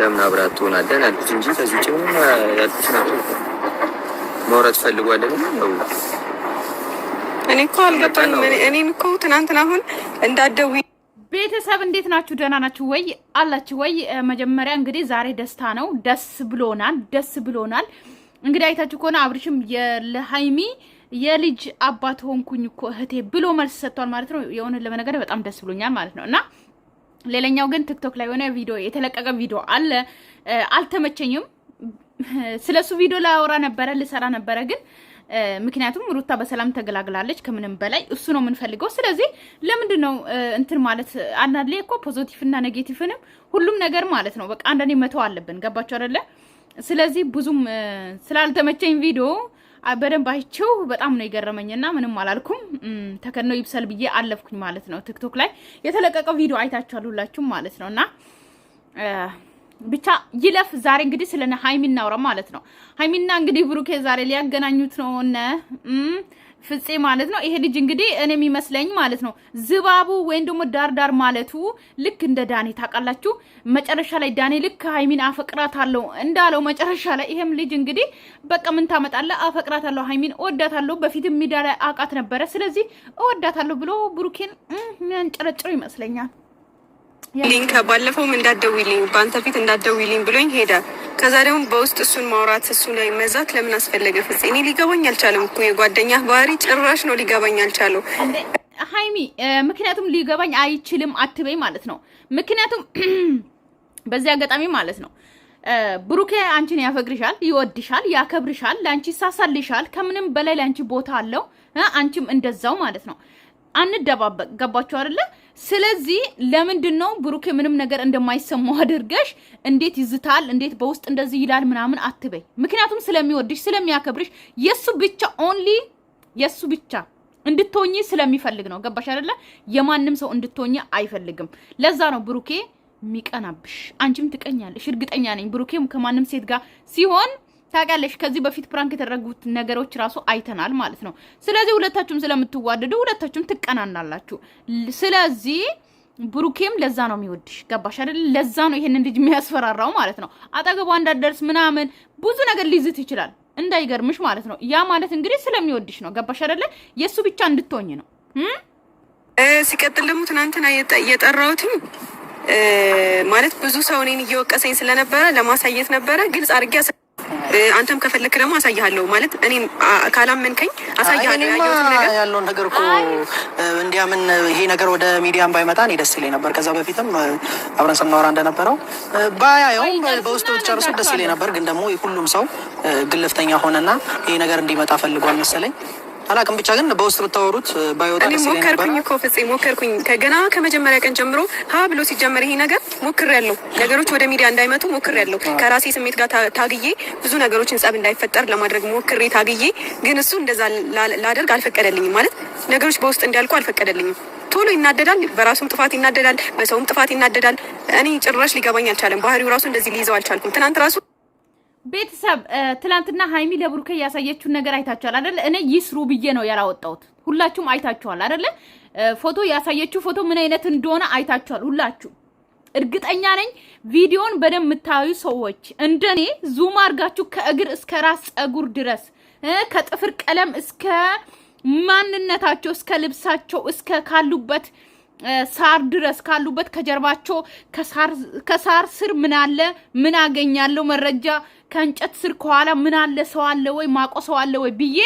ለምን አብራት ትሆናለን አልኩት እንጂ ከዚህ ውጭ ምንም ያልኩት ነበር። መውረድ ፈልጓለን ነው እኔ እኮ አልገባኝም። እኔን እኮ ትናንትና አሁን እንዳትደውይ ቤተሰብ እንዴት ናችሁ? ደህና ናችሁ ወይ አላችሁ ወይ? መጀመሪያ እንግዲህ ዛሬ ደስታ ነው። ደስ ብሎናል፣ ደስ ብሎናል። እንግዲህ አይታችሁ ከሆነ አብርሽም ለሀይሚ የልጅ አባት ሆንኩኝ እኮ እህቴ ብሎ መልስ ሰጥቷል ማለት ነው። የሆነ ለመነገር በጣም ደስ ብሎኛል ማለት ነው እና ሌላኛው ግን ቲክቶክ ላይ የሆነ ቪዲዮ የተለቀቀ ቪዲዮ አለ። አልተመቸኝም። ስለሱ ቪዲዮ ላወራ ነበረ ልሰራ ነበረ ግን ምክንያቱም ሩታ በሰላም ተገላግላለች። ከምንም በላይ እሱ ነው የምንፈልገው። ስለዚህ ለምንድን ነው እንትን ማለት አንዳንድ ላይ እኮ እና ኔጌቲቭንም ሁሉም ነገር ማለት ነው በቃ አንዳንዴ መተው አለብን። ገባችሁ አይደለ? ስለዚህ ብዙም ስላልተመቸኝ ቪዲዮ በደንብ አይቼው በጣም ነው እና ምንም አላልኩም። ተከኖ ይብሰል ብዬ አለፍኩኝ ማለት ነው። ቲክቶክ ላይ የተለቀቀው ቪዲዮ አይታችኋል ሁላችሁም ማለት ነው። እና ብቻ ይለፍ። ዛሬ እንግዲህ ስለ ሀይሚና አውራ ማለት ነው። ሀይሚና እንግዲህ ብሩኬ ዛሬ ሊያገናኙት ነው እነ ፍፄ ማለት ነው። ይሄ ልጅ እንግዲህ እኔ የሚመስለኝ ማለት ነው ዝባቡ ወይም ደግሞ ዳርዳር ማለቱ ልክ እንደ ዳኔ ታውቃላችሁ፣ መጨረሻ ላይ ዳኔ ልክ ሀይሚን አፈቅራታለሁ እንዳለው መጨረሻ ላይ ይሄም ልጅ እንግዲህ በቃ ምን ታመጣለህ? አፈቅራታለሁ፣ ሀይሚን እወዳታለሁ፣ በፊት ሜዳ ላይ አውቃት ነበረ፣ ስለዚህ እወዳታለሁ ብሎ ብሩኬን ሚያንጨረጭሩ ይመስለኛል። ሊንከ ባለፈውም እንዳደውልኝ በአንተ ፊት እንዳደውልኝ ብሎኝ ሄደ። ከዛ ደግሞ በውስጥ እሱን ማውራት እሱ ላይ መዛት ለምን አስፈለገ? ፍጽ እኔ ሊገባኝ አልቻለም እኮ የጓደኛ ባህሪ ጭራሽ ነው ሊገባኝ አልቻለው። ሀይሚ ምክንያቱም ሊገባኝ አይችልም አትበይ ማለት ነው። ምክንያቱም በዚህ አጋጣሚ ማለት ነው ብሩኬ አንቺን ያፈቅርሻል፣ ይወድሻል፣ ያከብርሻል፣ ለአንቺ ይሳሳልሻል። ከምንም በላይ ለአንቺ ቦታ አለው። አንቺም እንደዛው ማለት ነው። አንደባበቅ። ገባችሁ አይደለ? ስለዚህ ለምንድን ነው ብሩኬ ምንም ነገር እንደማይሰማው አድርገሽ እንዴት ይዝታል፣ እንዴት በውስጥ እንደዚህ ይላል ምናምን አትበይ። ምክንያቱም ስለሚወድሽ ስለሚያከብርሽ፣ የሱ ብቻ ኦንሊ የሱ ብቻ እንድትሆኚ ስለሚፈልግ ነው። ገባሽ አይደለ? የማንም ሰው እንድትሆኚ አይፈልግም። ለዛ ነው ብሩኬ የሚቀናብሽ። አንቺም ትቀኛለሽ፣ እርግጠኛ ነኝ። ብሩኬም ከማንም ሴት ጋር ሲሆን ታውቂያለሽ ከዚህ በፊት ፕራንክ የተደረጉት ነገሮች ራሱ አይተናል ማለት ነው። ስለዚህ ሁለታችሁም ስለምትዋደዱ ሁለታችሁም ትቀናናላችሁ። ስለዚህ ብሩኬም ለዛ ነው የሚወድሽ፣ ገባሽ አይደል? ለዛ ነው ይሄንን ልጅ የሚያስፈራራው ማለት ነው። አጠገቧ እንዳደርስ ምናምን ብዙ ነገር ሊዝት ይችላል፣ እንዳይገርምሽ ማለት ነው። ያ ማለት እንግዲህ ስለሚወድሽ ነው፣ ገባሽ አይደለ? የእሱ ብቻ እንድትሆኝ ነው። ሲቀጥል ደግሞ ትናንትና የጠራሁትም ማለት ብዙ ሰው እኔን እየወቀሰኝ ስለነበረ ለማሳየት ነበረ ግልጽ አድርጌ አንተም ከፈለክ ደግሞ አሳያለሁ ማለት እኔ ካላመንከኝ አሳያለሁ። ያለውን ነገር እኮ እንዲያምን ይሄ ነገር ወደ ሚዲያም ባይመጣ እኔ ደስ ይለኝ ነበር። ከዛ በፊትም አብረን ስናወራ እንደነበረው ባያየውም በውስጥ ብትጨርሱ ደስ ይለኝ ነበር። ግን ደግሞ ሁሉም ሰው ግልፍተኛ ሆነና ይሄ ነገር እንዲመጣ ፈልጓል መሰለኝ። አላቅም ብቻ ግን በውስጥ ብታወሩት ባይወጣ እኔ ሞከርኩኝ እኮ ፍፄ ሞከርኩኝ ከገና ከመጀመሪያ ቀን ጀምሮ ሀ ብሎ ሲጀመር ይሄ ነገር ሞክሬያለሁ ነገሮች ወደ ሚዲያ እንዳይመጡ ሞክሬያለሁ ከራሴ ስሜት ጋር ታግዬ ብዙ ነገሮችን ጸብ እንዳይፈጠር ለማድረግ ሞክሬ ታግዬ ግን እሱ እንደዛ ላደርግ አልፈቀደልኝም ማለት ነገሮች በውስጥ እንዲያልቁ አልፈቀደልኝም ቶሎ ይናደዳል በራሱም ጥፋት ይናደዳል በሰውም ጥፋት ይናደዳል እኔ ጭራሽ ሊገባኝ አልቻለም ባህሪው ራሱ እንደዚህ ሊይዘው አልቻልኩም ትናንት ራሱ ቤተሰብ ትላንትና ሀይሚ ለብሩኬ እያሳየችውን ነገር አይታችኋል አደለ? እኔ ይስሩ ብዬ ነው ያላወጣሁት። ሁላችሁም አይታችኋል አደለ? ፎቶ ያሳየችው ፎቶ ምን አይነት እንደሆነ አይታችኋል ሁላችሁ። እርግጠኛ ነኝ ቪዲዮን በደንብ የምታዩ ሰዎች እንደኔ ዙም አርጋችሁ ከእግር እስከ ራስ ጸጉር ድረስ ከጥፍር ቀለም እስከ ማንነታቸው እስከ ልብሳቸው እስከ ካሉበት ሳር ድረስ ካሉበት ከጀርባቸው ከሳር ስር ምን አለ? ምን አገኛለሁ? መረጃ ከእንጨት ስር ከኋላ ምን አለ? ሰው አለ ወይ? ማቆ ሰው አለ ወይ ብዬ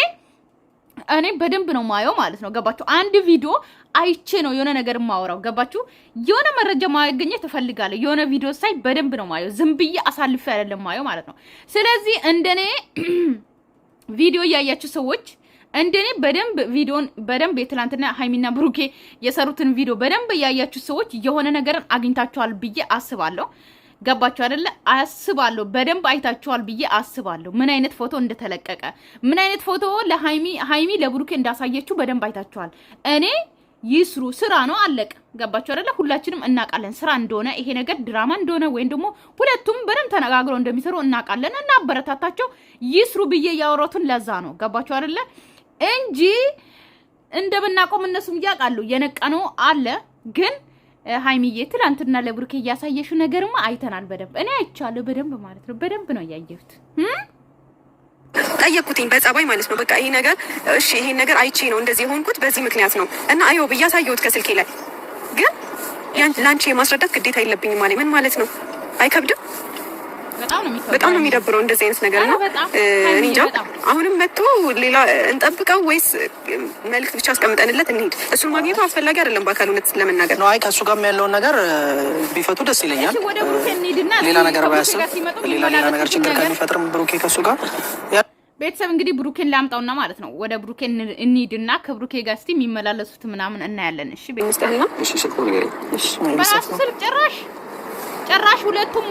እኔ በደንብ ነው ማየው ማለት ነው። ገባችሁ? አንድ ቪዲዮ አይቼ ነው የሆነ ነገር ማወራው። ገባችሁ? የሆነ መረጃ ማገኘት እፈልጋለሁ። የሆነ ቪዲዮ ሳይ በደንብ ነው ማየው። ዝም ብዬ አሳልፌ አይደለም ማየው ማለት ነው። ስለዚህ እንደኔ ቪዲዮ እያያችሁ ሰዎች እንደኔ በደንብ ቪዲዮን በደንብ የትላንትና ሀይሚና ብሩኬ የሰሩትን ቪዲዮ በደንብ እያያችሁ ሰዎች የሆነ ነገርን አግኝታችኋል ብዬ አስባለሁ። ገባችሁ አይደለ? አስባለሁ በደንብ አይታችኋል ብዬ አስባለሁ። ምን አይነት ፎቶ እንደተለቀቀ ምን አይነት ፎቶ ለሀይሚ ሀይሚ ለብሩኬ እንዳሳየችው በደንብ አይታችኋል። እኔ ይስሩ ስራ ነው አለቀ። ገባችሁ አይደለ? ሁላችንም እናውቃለን ስራ እንደሆነ ይሄ ነገር ድራማ እንደሆነ ወይም ደግሞ ሁለቱም በደንብ ተነጋግረው እንደሚሰሩ እናውቃለን። እናበረታታቸው ይስሩ ብዬ ያወራሁትን ለዛ ነው። ገባችሁ አይደለ? እንጂ እንደምናቆም እነሱም እያውቃሉ። የነቃ ነው አለ ግን ሀይሚዬ ትላንትና ለብሩኬ እያሳየሽው ነገርማ አይተናል በደንብ እኔ አይቻለሁ በደንብ ማለት ነው። በደንብ ነው እያየሁት ጠየቅኩትኝ በጸባይ ማለት ነው። በቃ ይሄ ነገር እሺ፣ ይሄን ነገር አይቼ ነው እንደዚህ የሆንኩት በዚህ ምክንያት ነው እና አዮ ብያሳየሁት ከስልኬ ላይ ግን ለአንቺ የማስረዳት ግዴታ የለብኝም አለኝ። ምን ማለት ነው? አይከብድም በጣም ነው የሚደብረው እንደዚህ አይነት ነገር ነው። እንጃ አሁንም መጥቶ ሌላ እንጠብቀው ወይስ መልዕክት ብቻ አስቀምጠንለት እንሂድ? እሱን ማግኘቱ አስፈላጊ አይደለም። በአካል እውነት ለመናገር ነው። አይ ከእሱ ጋር ያለውን ነገር ቢፈቱ ደስ ይለኛል። ሌላ ነገር ባያስብ፣ ሌላ ነገር ችግር ከሚፈጥርም ብሩኬ ከእሱ ጋር ቤተሰብ እንግዲህ ብሩኬን ላምጣውና ማለት ነው ወደ ብሩኬ እንሂድና ከብሩኬ ጋር እስኪ የሚመላለሱት ምናምን እናያለን። እሺ ቤተሰብ በራሱ ስልክ ጭራሽ ጭራሽ ሁለቱም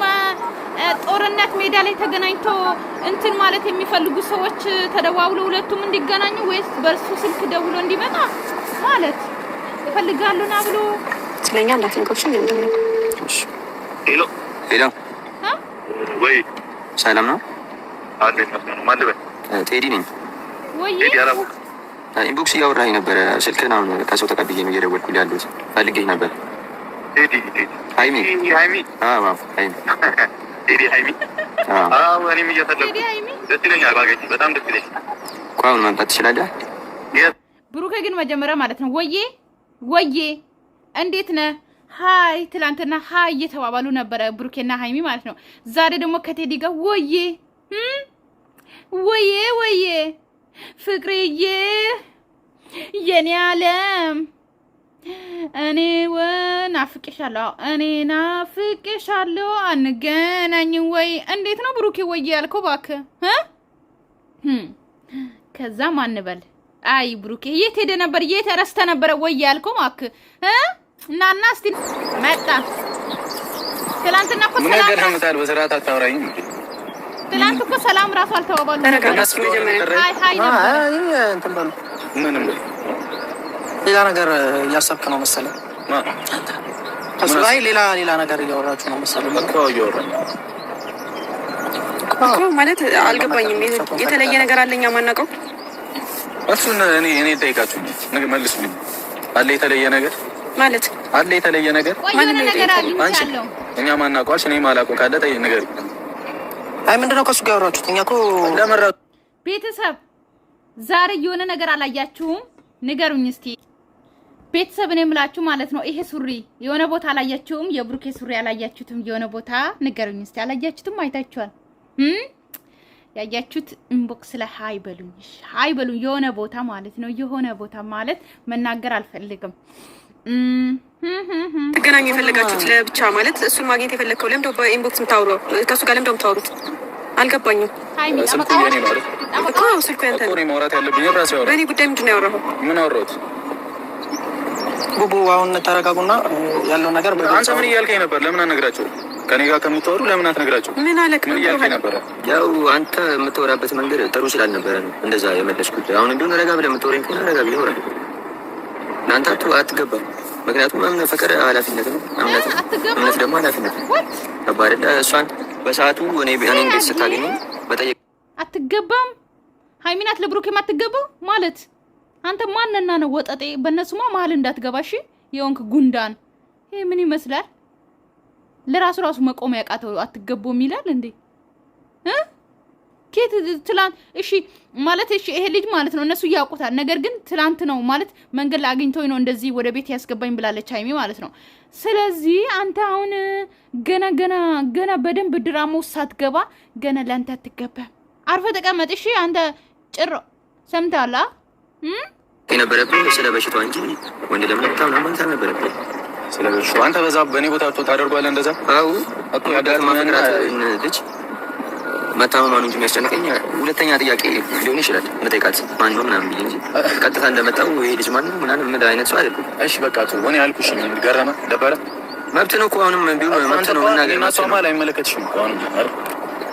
ጦርነት ሜዳ ላይ ተገናኝቶ እንትን ማለት የሚፈልጉ ሰዎች ተደዋውለው ሁለቱም እንዲገናኙ ወይስ በእርሱ ስልክ ደውሎ እንዲመጣ ማለት ይፈልጋሉና ብሎ ስለኛ እንዳትንቆሽም እንደምን ሄሎ ሄሎ ወይ ሰላም ነው ቴዲ ነኝ። ወይ ኢንቦክስ እያወራኝ ነበረ። ስልክህን አሁን ከሰው ተቀብዬ ነው እየደወልኩልህ ያለሁት። ፈልጌህ ነበር ቴዲ ሀይሚ ሀይሚ እኔም እየፈለኩ ደስ ይለኛል፣ ባገኝ በጣም ደስ ይለኛል። ቆይ አሁን መምጣት ትችላለህ? ብሩኬ ግን መጀመሪያ ማለት ነው ወዬ ወዬ እንዴት ነህ ሀይ ትላንትና ሀይ እየተባባሉ ነበረ ብሩኬና ሀይሚ ማለት ነው። ዛሬ ደግሞ ከቴዲ ጋር ወዬ ወዬ ወዬ ፍቅርዬ የኔ አለም እኔ ናፍቄሻለሁ፣ እኔ ናፍቄሻለሁ፣ አንገናኝ ወይ እንዴት ነው ብሩኬ? ወይ ያልከው እባክህ ከዛ ማንበል አይ ብሩኬ የት ሄደ ነበር? የት ረስተ ነበረ ወይ ያልከው እባክህ እና እና እስቲ መጣ ትላንትና እኮ ሰላም ነገር አመጣል። በስርዓት አታውራኝ። ትላንት እኮ ሰላም ራሱ አልተባባሉ ነበር። አይ አይ ነበር ምንም ሌላ ነገር እያሰብክ ነው መሰለህ። ከሱ ላይ ሌላ ሌላ ነገር እያወራችሁ ነው መሰለህ። ማለት አልገባኝም። የተለየ ነገር አለኛ ማናውቀው እሱን እኔ እኔ ጠይቃችሁ መልስ አለ የተለየ ነገር ማለት አለ የተለየ ነገር አንቺ እኛ ማናውቀው እኔ ማላውቀው ካለ ጠይ ነገር አይ ምንድነው ከሱ ጋር ያወራችሁት? እኛ እኮ ቤተሰብ ዛሬ የሆነ ነገር አላያችሁም? ንገሩኝ እስቲ። ቤተሰብን የምላችሁ ማለት ነው። ይሄ ሱሪ የሆነ ቦታ አላያችሁም? የብሩኬ ሱሪ ያላያችሁትም የሆነ ቦታ ንገሩኝ እስቲ። ያላያችሁትም አይታችኋል። ያያችሁት ኢንቦክስ ላይ ሀይ በሉኝ፣ ሀይ በሉኝ። የሆነ ቦታ ማለት ነው። የሆነ ቦታ ማለት መናገር አልፈልግም። ትገናኙ የፈለጋችሁት ለብቻ ማለት እሱን ማግኘት የፈለግከው ለምደው በኢንቦክስ የምታወሩ ከእሱ ጋር ለምደው የምታወሩት አልገባኝም። ስልኩ ያንተ ማውራት ያለብኝ በእኔ ጉዳይ ምንድን ነው ያወራሁት? ምን አወራሁት? ጉቡ አሁን ተረጋጉና ያለው ነገር አንተ ምን እያልከኝ ነበር? ለምን አነግራቸው ከኔ ጋር ከምታወሩ ለምን አትነግራቸው? ምን አለክ? ምን እያልከኝ ነበር? ያው አንተ የምትወራበት መንገድ ጥሩ ስላልነበረ ነው እንደዛ የመለስኩት። አሁን እንዲሁን ረጋ ብለህ የምትወረኝ ከሆነ ረጋ ብለህ ወረ ለአንተ አትገባም። ምክንያቱም እምነት ፈቀደ ኃላፊነት ነው። እምነት ደግሞ ኃላፊነት ነው። ከባድ እሷን በሰዓቱ እኔ እኔን ቤት ስታገኝ መጠየቅ አትገባም። ሀይሚናት ለብሩክ የማትገባው ማለት አንተ ማንና ነው ወጠጤ? በእነሱማ መሀል እንዳትገባሽ የወንክ ጉንዳን። ይሄ ምን ይመስላል? ለራሱ ራሱ መቆም ያቃተው አትገቦም ይላል እንዴ እ ኬት ትላንት እሺ ማለት እሺ ይሄ ልጅ ማለት ነው እነሱ እያውቁታል። ነገር ግን ትላንት ነው ማለት መንገድ ላይ አግኝቶኝ ነው እንደዚህ ወደ ቤት ያስገባኝ ብላለች ሀይሚ ማለት ነው። ስለዚህ አንተ አሁን ገና ገና ገና በደንብ ድራማ ውስጥ ሳትገባ ገና ለአንተ አትገባም። አርፈ ተቀመጥ እሺ አንተ ጭሮ ሰምታላ የነበረብኝ ስለ በሽቷ እንጂ ወንድ ለምለታ ምናምን ነበረብኝ። ስለ በሽቷ አንተ በዛ በእኔ ቦታ ታደርጓለህ እንደዛ? አዎ እኮ ልጅ መታመማኑ እንጂ የሚያስጨንቀኝ ሁለተኛ ጥያቄ ሊሆን ይችላል መጠይቃት ማን ነው ምናምን ብዬ እንጂ ቀጥታ እንደመጣው ይሄ ልጅ ማን ነው ምናምን ምን አይነት ሰው አይደለም። እሺ በቃ እኔ ያልኩሽ ገረመ ደበረ መብት ነው እኮ አሁንም ቢሆን መብት ነው መናገር። ላይመለከትሽም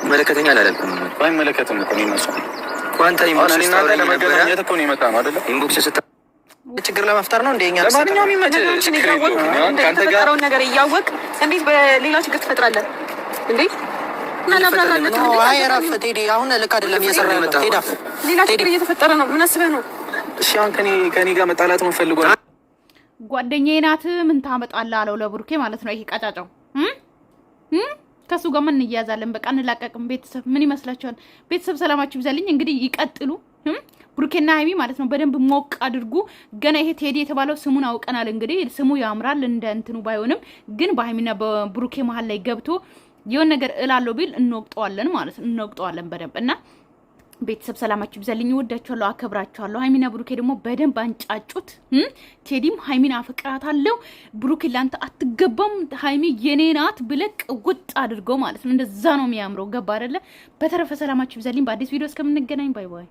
ይመለከተኛል አላልኩም። አይመለከትም እኮ እኔን እሷ አንተ ለመገናኘት እኮ ነው የመጣ ነው አይደለ? ኢንቦክስ ስታ ችግር ለመፍጠር ነው። እንደኛ ለማንኛውም የሚመቸውን ነገር እያወቅ እንዴት በሌላ ችግር ትፈጥራለህ እንዴ? ነው። ሌላ ችግር እየተፈጠረ ነው። ጓደኛዬ ናት ምን ታመጣለህ አለው ለብሩኬ ማለት ነው። ይሄ ቀጫጫው ከሱ ጋር ምን እንያዛለን? በቃ እንላቀቅም። ቤተሰብ ምን ይመስላችኋል? ቤተሰብ ሰላማችሁ ይብዛልኝ። እንግዲህ ይቀጥሉ ብሩኬና ሀይሚ ማለት ነው። በደንብ ሞቅ አድርጉ። ገና ይሄ ቴዲ የተባለው ስሙን አውቀናል። እንግዲህ ስሙ ያምራል እንደ እንትኑ ባይሆንም ግን በሀይሚና በብሩኬ መሀል ላይ ገብቶ የሆን ነገር እላለው ቢል እንወቅጠዋለን ማለት ነው። እንወቅጠዋለን በደንብ እና ቤተሰብ ሰላማችሁ ይብዛልኝ። እወዳችኋለሁ፣ አከብራችኋለሁ። ሀይሚና ብሩኬ ደግሞ በደንብ አንጫጩት። ቴዲም ሀይሚን አፈቅራታለሁ፣ ብሩኬ ላንተ አትገባም፣ ሀይሚ የኔ ናት ብለህ ቅውጥ አድርገው ማለት ነው። እንደዛ ነው የሚያምረው። ገባ አይደለ? በተረፈ ሰላማችሁ ይብዛልኝ። በአዲስ ቪዲዮ እስከምንገናኝ ባይ ባይ።